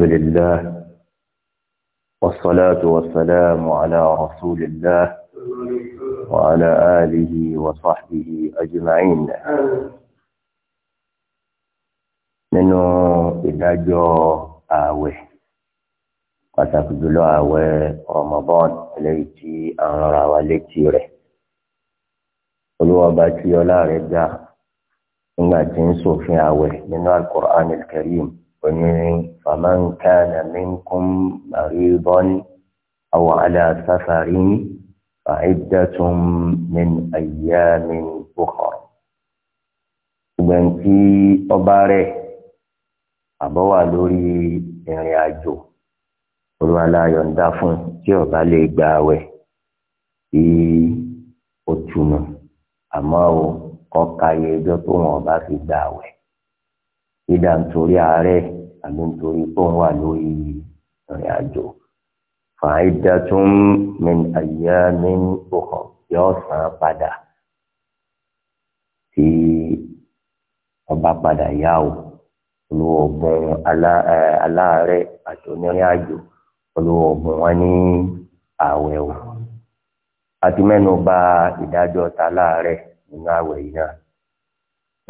الحمد لله والصلاة والسلام على رسول الله وعلى آله وصحبه أجمعين منو ننو جو آوه وتفضل آوه رمضان ليتي أنرى وليتي ره قلوا باتي يولا رجع إنها تنسو في آوه من القرآن الكريم وني فمن كان منكم مريضا أو على سفر فعدة من أيام أخرى ṣùgbọ́n tí ọba rẹ̀ àbọ̀ wà lórí ìrìn àjò olùwàlàyọ̀ǹda fún tí ọba lè gba àwẹ̀ tí ó túnú àmọ́ o kọ́ ka tó wọn ọba fi gba àwẹ̀ dídá nítorí àárẹ̀ àbí nítorí pé òun wà lórí ìrìn àjò fàáìdá tún min àyà mi ń bọ̀kọ̀ yóò san padà tí ọba padà yá o olówó ọgbọ́n aláàárẹ̀ àti onírìn àjò olówó ọgbọ́n wọn ní ààwẹ̀ o àti mẹ́nu bà ìdájọ́ ta láàárẹ̀ nínú ààwẹ̀ yìí náà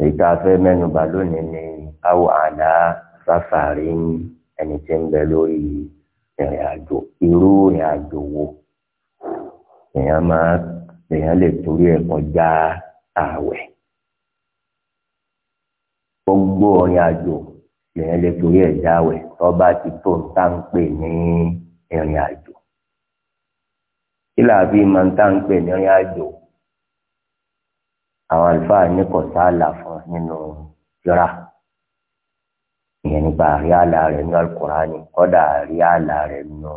èyí tá a fẹ́ mẹ́nu bà lónìí ni àwọn àdá sáfàrí ẹni tí ń bẹ lórí ìrìn àjò irú ìrìn àjò wo èèyàn máa èèyàn lè torí ẹ̀ kọjá ààwẹ̀ gbogbo ìrìn àjò èèyàn lè torí ẹ̀ jáwẹ̀ tó bá ti tó ń tá ń pè ní ìrìn àjò kí làbí máa ń tá ń pè ní ìrìn àjò àwọn àlùfáà ní kò sáàlà fún nínú yọrá. No, ìyẹn nípa àríàlà rẹ̀ nínú alukurani kọ́dà àríàlà rẹ̀ nínú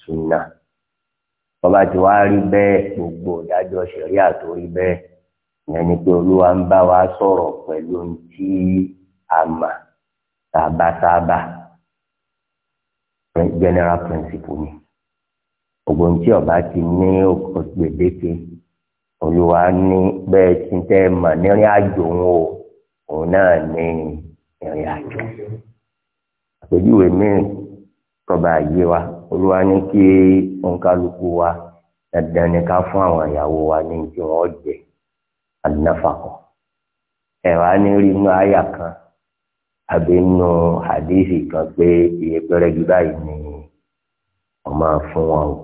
sunna bọ́ba ti wá rí bẹ́ẹ̀ gbogbo ìdájọ́ ṣẹ̀ríà tó rí bẹ́ẹ̀ ìyẹn ni pé olúwa ń bá wa sọ̀rọ̀ pẹ̀lú ohun tí a mà sábàsábà general principle ni ògbó tí ọba ti ní gbèdéke olúwa ní bẹ́ẹ̀ tí ń tẹ́ nírìn àjò òun o òun náà ní ìrìn àjò àpèjúwe míì tọba àyè wa olúwa ní kí òǹkálukú wa dandan ni ká fún àwọn ìyàwó wa ní tí wọn jẹ àdínáfàkọ ẹwà ní rí inú àyà kan àbí inú hadithi kan pé iye pẹrẹ ju báyìí ni wọn máa fún wọn o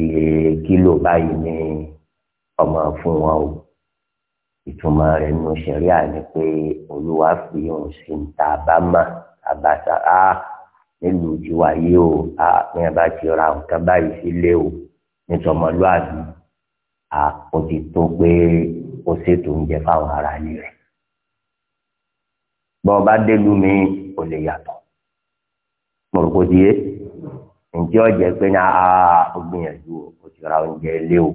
iye kílò báyìí ni wọn máa fún wọn o ìtumọ̀ rẹ̀ nù sẹ̀ríà ni pé olúwa fi òun sí ń ta bá máa. Abasa, á nílùú tiwa yìí o á ní abá ti ra nǹkan báyìí sílé o nítọmọlúàbí á o ti tó pé o ṣètò oúnjẹ fáwọn ará ilé rẹ bọ́ọ̀ bá délùú mi ò lè yàtọ̀ mo rò kó di yé ǹjẹ́ ọ̀jẹ̀ pé ní a gbìyànjú o ti ra oúnjẹ ilé o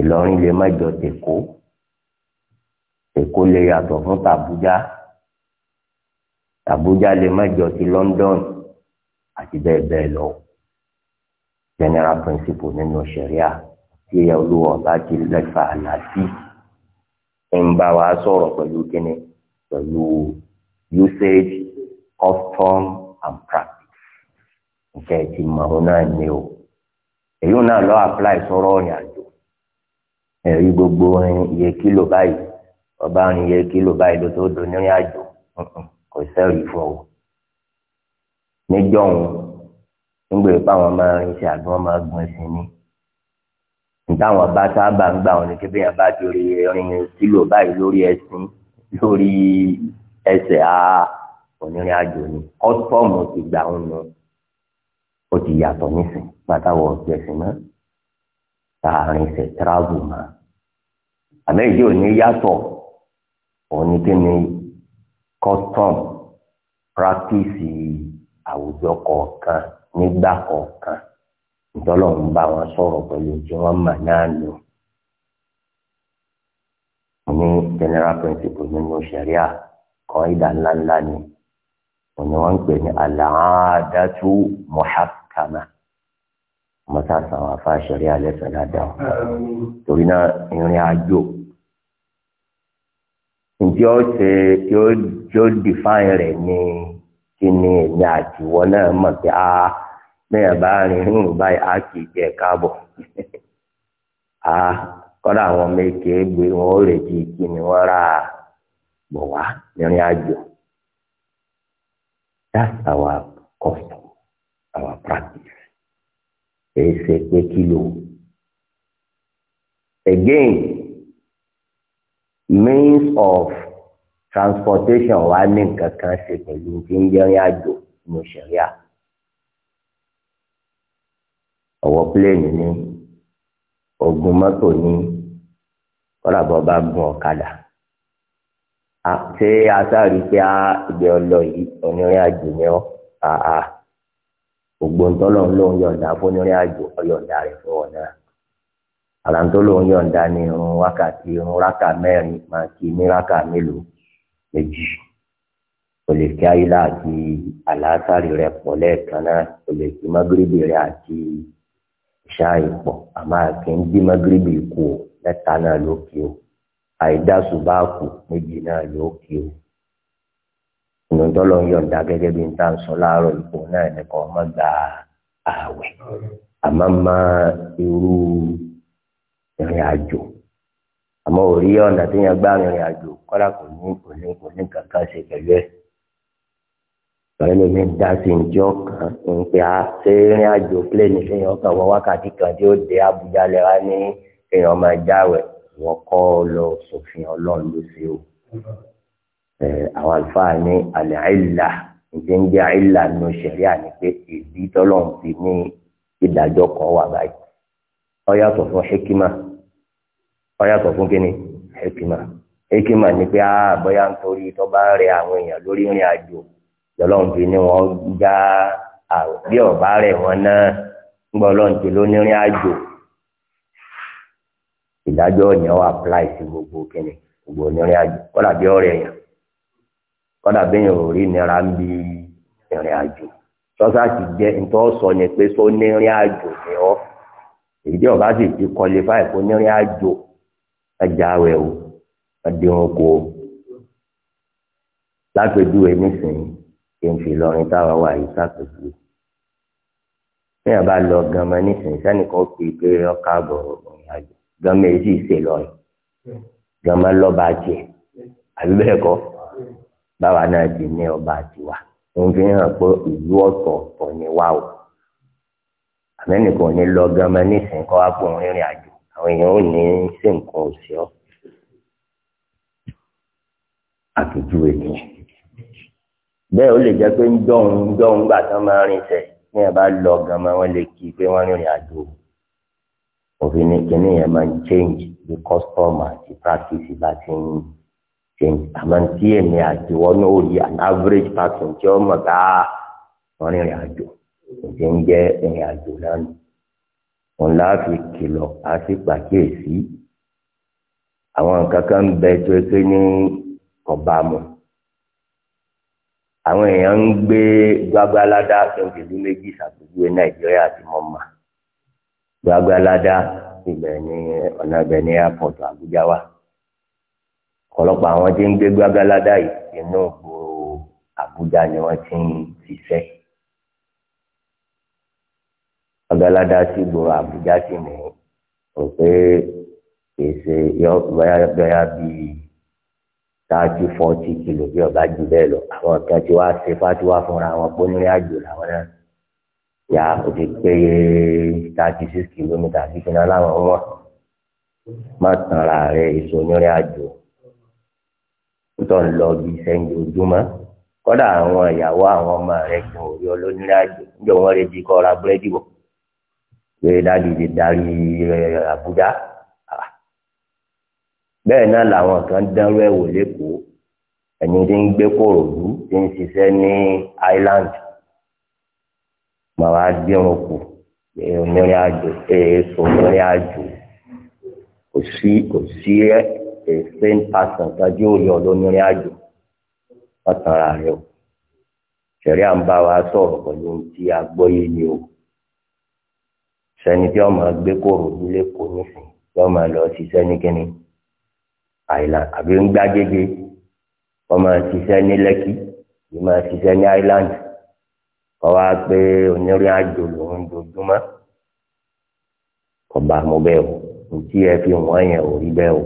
Ìlọrin lè má jọ tèkó Èkó lè yàtọ̀ fún tàbújá Àbújá lè má jọ ti London àti bẹ́ẹ̀ bẹ́ẹ̀ lọ general principle nínú ṣẹ̀ríà tí ẹ̀yà olúwa ọba ti lẹ́fà àlàáfí ń bá wa sọ̀rọ̀ pẹ̀lú kíni pẹ̀lú usage custom and practice nǹkan ẹ̀tì màrún náà ni o èyí náà lọ apply sọ̀rọ̀ ọ̀rìn àjò ẹ̀rí gbogbo iye kílò báyìí ọba rìn iye kílò báyìí ló tó do nírìn àjò kò sẹ́rì fún ọ. níjọ́ òun nígbà yìí báwọn máa ń ṣe àbí wọ́n máa gun ẹsìn ní. nítawọn bá sábà ń gbà wọn ni kébé yẹn bá ti rí ẹrin kílò báyìí lórí ẹsìn lórí ẹsẹ̀ á onírìn àjò ni kọ́sítọ́ọ̀mù ti gbà wọn nù ó ti yàtọ̀ nísìn pátáwọ̀ ọ̀gbẹ̀sìn náà láàrin ìṣẹ̀ tíráàbù máa àmẹ́jì ò ní yàtọ̀ òun ni kí ni custom practice àwùjọ kọ̀ọ̀kan nígbà kọ̀ọ̀kan ìtọ́lọ́run bá wọn sọ̀rọ̀ pẹ̀lú tí wọ́n mà náà lò ní general principle nínú ṣẹ̀ríà kan ìdá ńláńlá ni òní wọ́n ń pè ní al-aadatu muhakkama mọ́tà sàwọn afá ṣẹ̀ríà lẹ́sẹ̀ dáadáa torí náà ìrìn àjò. ǹjẹ́ ó ṣe yóò yóò define rẹ̀ ní kí ni èmi àti ìwọ náà mọ̀ pé a bẹ́ẹ̀ bá rin rìn báyìí a kì í jẹ káàbọ̀ a kọ́dà àwọn méje gbé wọn ó retí kí ni wọ́n bọ̀ wá àjò that's our custom our practice èyí ṣe pé kí again. means of transportation wa ní nǹkan kan ṣe pẹ̀lú tí ń jẹ́ rìn àjò ní òṣèríà ọwọ́ pílẹ̀nì ní ogun mọ́tò ní kọ́làbọ̀ bá gun ọ̀kadà ṣé asáàrí pé a ìgbẹ́ ọlọ yìí onírìn àjò ni ọ́ àà ògbóǹtọ́ lọ́n ló ń yọ̀ǹda fún onírìn àjò ọ̀yọ̀ǹda rẹ̀ fún wọn àlàntó lòun yọ̀ǹda ní irun wákàtí irun rákà mẹ́rin máa kí ní rákà mélòó méjì o lè kí ayílá àti àlàásàrì rẹ pọ̀ lẹ́ẹ̀kan náà o lè kí magrebi rẹ àti ṣáàyè pọ̀ àmọ́ kì í bí magrebi kú o mẹ́ta náà ló kí o àìdásù bá kù méjì náà ló kí o ìnùtọ́lọ́ yọ̀ǹda gẹ́gẹ́ bí n ta ń sọ láàárọ̀ ipò náà nìkan ọmọ gba ààwẹ̀ àmọ́ máa irú ìrìn àjò àmọ́ òrí ọ̀nà tí yẹn gbá ìrìn àjò kọ́dà kò ní kò ní kò ní kankan ṣe pẹ̀lú ẹ̀ pẹ̀lú mi dá sí njọ́ kan ń pè á ṣé ìrìn àjò pléènì kéèyàn kan wọ wákàtí kan tí ó dé Àbújá lẹ́wà ní kéèyàn máa jáwẹ̀ wọ́n kọ́ lọ sòfin ọlọ́run ló ṣe o àwọn àlùfáà ní àlẹ́ àìlà ǹjẹ́ ń jẹ́ àìlà nù sẹ̀ríà ni pé ìdí tọ́lọ́run fi ní ìdájọ́ kan wà báyìí. ó yàtọ̀ fún hekima ó yàtọ̀ fún kíni hekima hekima ni pé ah bóyá nítorí tó bá rẹ àwọn èèyàn lórí ìrìn àjò lọ́lọ́run fi wọ́n bí wọn náà ń ti lónírìn àjò ìdájọ́ sí gbogbo kíni gbogbo onírìn àjò kọ́dà bí ọ̀rẹ́ yẹn kọ́dà bí yẹn ò rí nira ń ìrìn àjò sọ́sà èyí tí ọba sì ti kọlé fáìlì kó nírin àjò ẹja awẹ o ẹdín oko o lápẹjúwe nísìnyí kí n fi lọrin táwa wà yìí sápẹjúwe téèyàn bá lọ gánmọ nísìnyí sẹ́nìkan pè é pé ọkà àbọ̀ ìrìn àjò gánmọ èyí sì ṣe lọrin gánmọ lọ́ba tiẹ̀ àbí bẹ́ẹ̀ kọ́ báwa náà ti ní ọba tiwa òun fi hàn pé ìlú ọ̀tọ̀ọ̀tọ̀ ni wá o àmẹ́nìkan ní lọ gánmọ́ nísìnyí kọ́ wá pọ̀ rìnrìn àjò àwọn èèyàn ò ní sí nǹkan òsì ọ́ àpèjúwe nìyẹn bẹ́ẹ̀ ó lè jẹ́ pé ń dọ̀hún ń dọ̀hún gbà tán máa rìn sẹ̀ ní ẹ̀ bá lọ gánmọ́ wọn lè kí pé wọ́n rìnrìn àjò òfin ní kíní yẹn máa ń change the custom àti practice bá ti ń change àmọ́ tí èmi àjò wọn náà rí an average person tí ó mọ̀ ká ah, wọ́n rìnrìn àjò òtí ń jẹ́ ìrìn àjò náà nù. òun láàfi kìlọ̀ á sì pàkíyèsí àwọn nǹkan kan ń bẹ tó pé ní ọ̀bàmù. àwọn èèyàn ń gbé gbágbáládá tó ń fìlú méjì ṣàpèjúwe nàìjíríà tí mo mà gbágbáládá ibẹ̀ ní ọ̀nà ibẹ̀ ní airport àbújá wa ọ̀pọ̀lọpọ̀ àwọn tí ń gbé gbágbáládá yìí inú ìgboro àbújá ni wọ́n ti ń ṣiṣẹ́ agalada sí gbòòrò Àbújá sí ni o pé èsè yọ bẹ́yà bíi tààtì fọ́ọ̀tì kìlò bí ọba jù bẹ́ẹ̀ lọ àwọn kan tí wàá ṣe fátiwá fúnra wọn pọ́nrí àjò làwọn náà yà ó ti péye tààtì six kìlómítà kíkiná láwọn wọn má tàn ra rẹ èso onírìn àjò tó ń lọ bí sẹ́yìn ojúmọ́ kọ́dà àwọn ìyàwó àwọn ọmọ rẹ kò rí olónírìn àjò níjọ wọn lè di kọ́ ra búrẹ́dì bọ̀ pé dáàdi ti darí Àbújá bẹ́ẹ̀ náà làwọn kan dánrú ẹ̀wò lẹ́kọ̀ọ́ ẹni tí ń gbé kòròdú tí ń ṣiṣẹ́ ní island màá dírun kù onírìn àjò èso onírìn àjò kò sí kò sí ẹ same person kájú òye ọlọ́nírìn àjò wọ́n tanra rẹ o ṣẹ̀rí à ń bá wa sọ̀rọ̀ pẹ̀lú ohun tí a gbọ́ yé ni o sẹ́ni tí wọ́n máa gbé kóró nílé kó nísìn tí wọ́n máa lọ ṣiṣẹ́ ní kínní island àbí ń gbàgede wọ́n máa ṣiṣẹ́ ní lẹ́kì yìí máa ṣiṣẹ́ ní island kọ́ wá pé onírìn àjò lòún dojúmọ́ ọba mo bẹ́ẹ̀ o ntí ẹ fi wọ́n yẹn ò rí bẹ́ẹ̀ o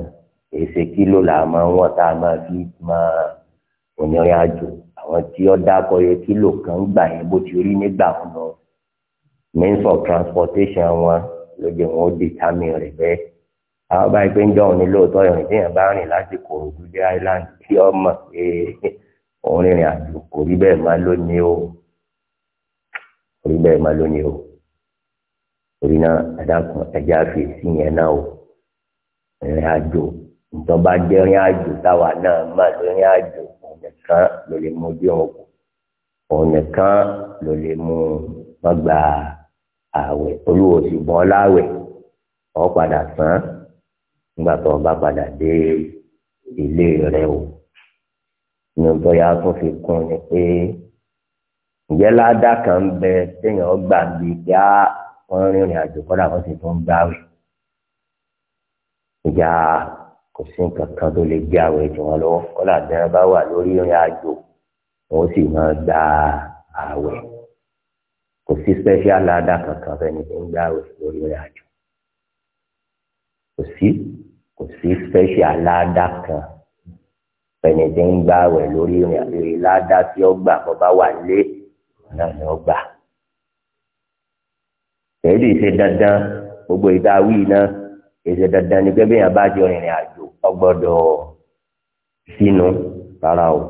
èsè kílò là máa ń wọ́n tá a máa fi máa onírìn àjò àwọn tí ó dákọ̀ yẹ kílò kan gbà yẹn bó ti rí nígbà wọn lọ means of transportation wọn lójú wọn ó dìtámì rẹ̀ bẹ́ẹ̀ àwọn báyìí pé ń jọ òní lóòótọ́ ìrìn téèyàn bá rìn láti Kòròdú dé island tí ó mọ̀ pé òun rìnrìn àjò kò rí bẹ́ẹ̀ máa lónìí o kò rí bẹ́ẹ̀ máa lónìí o torí náà àdàkùn ẹja fèsì yẹn náà o ìrìn àjò ìjọba jẹ́ ìrìn àjò táwa náà mọ̀ lórí àjò òun nìkan ló lè mú ojú òun kù òun nìkan ló lè mú wọn gbà àwẹ̀ olúwo sì bọ́ láwẹ̀ ọ padà sàn án nígbà tó o bá padà dé ilé rẹ o ní ọjọ́ yà tó fi kún ni pé ǹjẹ́ ládàá kan ń bẹ téèyàn gbà bíi pé á wọ́n rìnrìn àjò kọ́dà wọ́n sì tún gbáwẹ̀ ìjà kò sí nǹkan kan tó lè jẹ́ àwẹ̀ jù wọ́n lọ́wọ́ kọ́dà bí bá wà lórí ìrìn àjò wọ́n sì máa gba àwẹ̀ kò sí special ladder kankan fẹ́ni tó ń gbà wẹ̀ lórí rẹ̀ àjò kò sí kò sí special ladder kan fẹ́ni tó ń gbà wẹ̀ lórí rẹ̀ àjò ladder tí ó gbà kó bá wà lé náà ni ó gbà èyí ṣe dandan gbogbo ìdáwí náà èsì dandan ni gẹ́gẹ́ yẹn bá jọ ìrìn àjò ọgbọ́dọ̀ sínú rárá o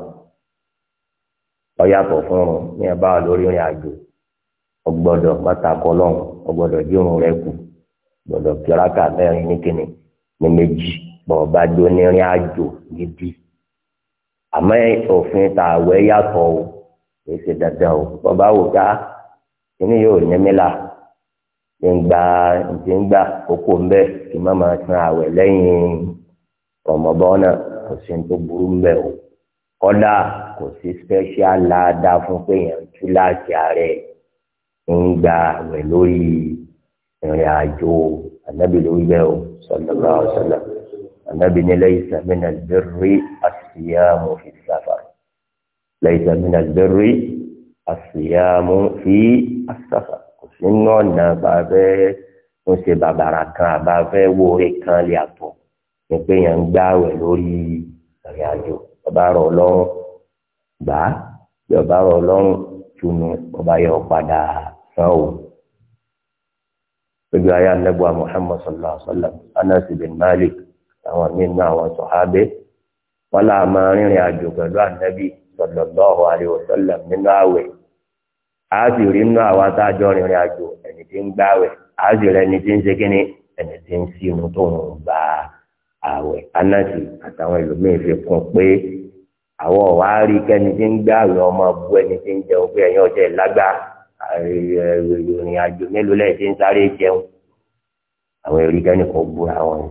ọyàtọ̀ fún un ní ẹ bá wà lórí ìrìn àjò ọgbọ́dọ̀ pátákọlọ́n ọgbọ́dọ̀ dírun rẹ kù gbọ́dọ̀ kíráka mẹ́rin níkíni ní méjì bọ̀ọ̀bá dónírin àjò gidi àmọ́ òfin tààwẹ́ yàtọ̀ o kì í ṣe dandan o bọ́ọ̀bá wò ká kíní yóò ní mí la ti ń gba ti ń gba kókó ń bẹ kí má máa san àwẹ̀ lẹ́yìn ọmọbọ́nà kò sí tó burú ń bẹ o kọ́dà kò sí special láàdá fún pé yẹn tú láti àárẹ̀ yìí ń gba àwẹ̀ lórí ìrìn àjò ànábì lórí bẹ́ẹ̀ o sallallahu alaihi wasallam ànábì ní laysa min al-birri as-siyamu fi as-safar laysa min al-birri as-siyamu fi as-safar kò sí náà nà bá fẹ́ ń ṣe bàbàrà kan àbá wo orí kan lè àtọ̀ ní pé yẹn ń gba àwẹ̀ lórí ìrìn àjò ọba rọ̀ lọ́rùn gbà á rọ̀ lọ́rùn túnú ọba yọ padà san o lójú ayé anábọ̀ Muhammad sallallahu alaihi wa sallam Anas bin Malik àwọn míín náà àwọn sọ̀hábẹ́ wọn là máa rìnrìn àjò pẹ̀lú anábì sallallahu alaihi wa sallam nínú àwẹ̀ àásì rí nínú àwọn atájọ́ rìnrìn àjò ẹni tí ń gbàwẹ̀ àásì rẹ ẹni tí ń ṣe kínní ẹni tí ń sínú tó ń gbà àwẹ̀ Anasi àtàwọn ẹlòmíín fi kún pé àwọn ọ̀wá rí kẹ́ni tí ń gbàwẹ̀ ọmọ bu ẹni tí ń jẹun pé ẹ̀yin ọjọ́ ẹ̀ ìrìn àjò mélòó lẹ́yìn tí ń sáré jẹun àwọn èrì kẹ́ni kan búra wọn ni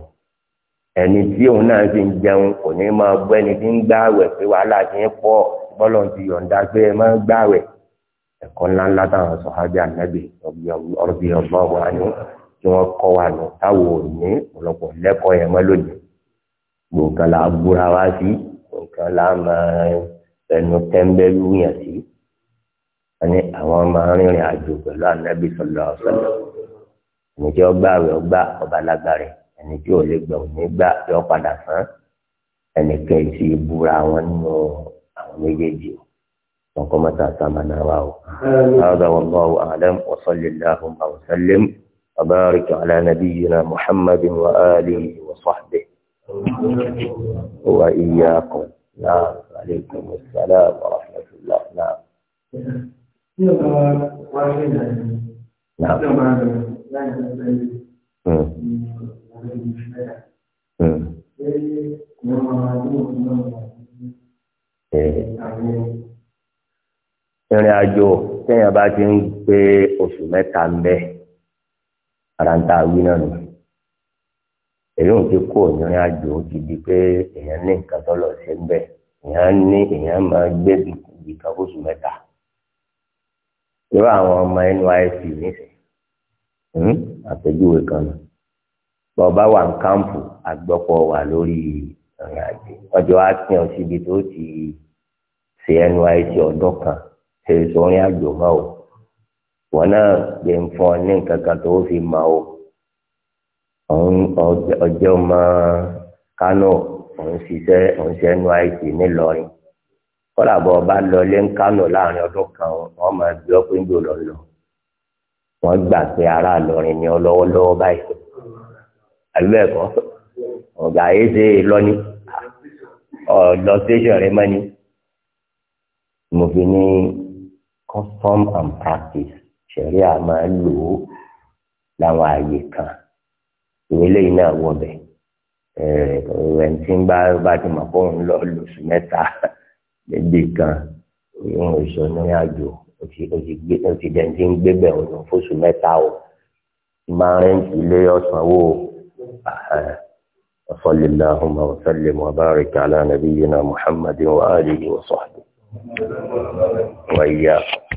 ẹni tí òun náà ti ń jẹun kò ní máa bọ́ ẹni tí ń gbààwẹ̀ pé wàhálà ti ń pọ̀ bọ́lọ̀ ti yọ̀ǹda pé ẹ máa ń gbààwẹ̀ ẹ̀kọ́ ńláńlá táwọn sọ̀hábí ànábì ọ̀rọ̀bì ọ̀gbọ́n wa ni tí wọ́n kọ́ wa nù táwọn ò ní ọ̀pọ̀lọpọ̀ lẹ́kọ̀ọ́ yẹn mọ́ lónìí gbòǹkan là á búra wá sí gbòǹkan là á máa ẹnu tẹ́ńbẹ́lú yẹn sí ẹni àwọn máa rìnrìn àjò pẹ̀lú anabi sọlọ sọlọ ẹni tí ó gbà rẹ̀ ó gbà ọba lágbàrẹ ẹni tí ò lè gbà ò ní gbà yọ padà sàn ẹni kẹsì búra wọn nínú àwọn méjèèjì wọn kọ́ mọ́tà sàmánà wa o. هذا والله أعلم وصلى اللهم وسلم وبارك على نبينا محمد وآله وصحبه وإياكم نعم عليكم السلام ورحمة الله نعم tí hmm. hmm. eh. ìrìn àjò téèyàn bá ti ń gbé oṣù mẹ́ta ń bẹ́ ara ń ta wí náà nù èyí ò ti kó ìrìn àjò ti di pé èèyàn ní nǹkan tó lọ sí ń bẹ èèyàn ní èèyàn máa gbé bìkan oṣù mẹ́ta irú àwọn ọmọ NYSC nísìnyí hmm? àpèjúwe kan náà bọba wà ní kámpù àgbọpọ wà lórí ìrìn àjò ọjọ́ wa pín ọ síbi tó ti ṣe NYSC ọdún kan ṣe sọrin àjò mọ o wọn náà gbé ń fún ọ ní nǹkan kan tó fi mọ o ọjọ́ ọmọ Kánò òun ṣiṣẹ́ òun ṣe NYSC nílọrin kọ́lá bọ̀ ọba lọ lé ń kánò láàrin ọdún kan wọ́n máa gbé ọ́ pé ń gbòòlò lọ wọ́n gbà pé ará lọrin ni ọlọ́wọ́lọ́wọ́ báyìí àbí bẹ́ẹ̀ kọ́ ọ̀gá yìí ṣe é lọ́ní ọ̀dọ̀ tẹ̀sán rẹ mọ́ni mo fi ní custom and practice ṣẹ̀ríà máa lò ó láwọn ààyè kan ìwé lẹ́yìn náà wọ̀ bẹ̀ ẹ̀ ẹ̀ ẹ̀ ń tí ń bá bá ti mọ̀ kó ń lọ lóṣù mẹ́ta dédé kan ìwọ̀n oṣù ní àjò o ti dẹ̀ ti ń gbé bẹ̀ ọ̀nà fóṣù mẹ́ta o máa rẹ́ǹtì ilé ọ̀sánwó وصل اللهم وسلم وبارك على نبينا محمد وآله وصحبه وإياكم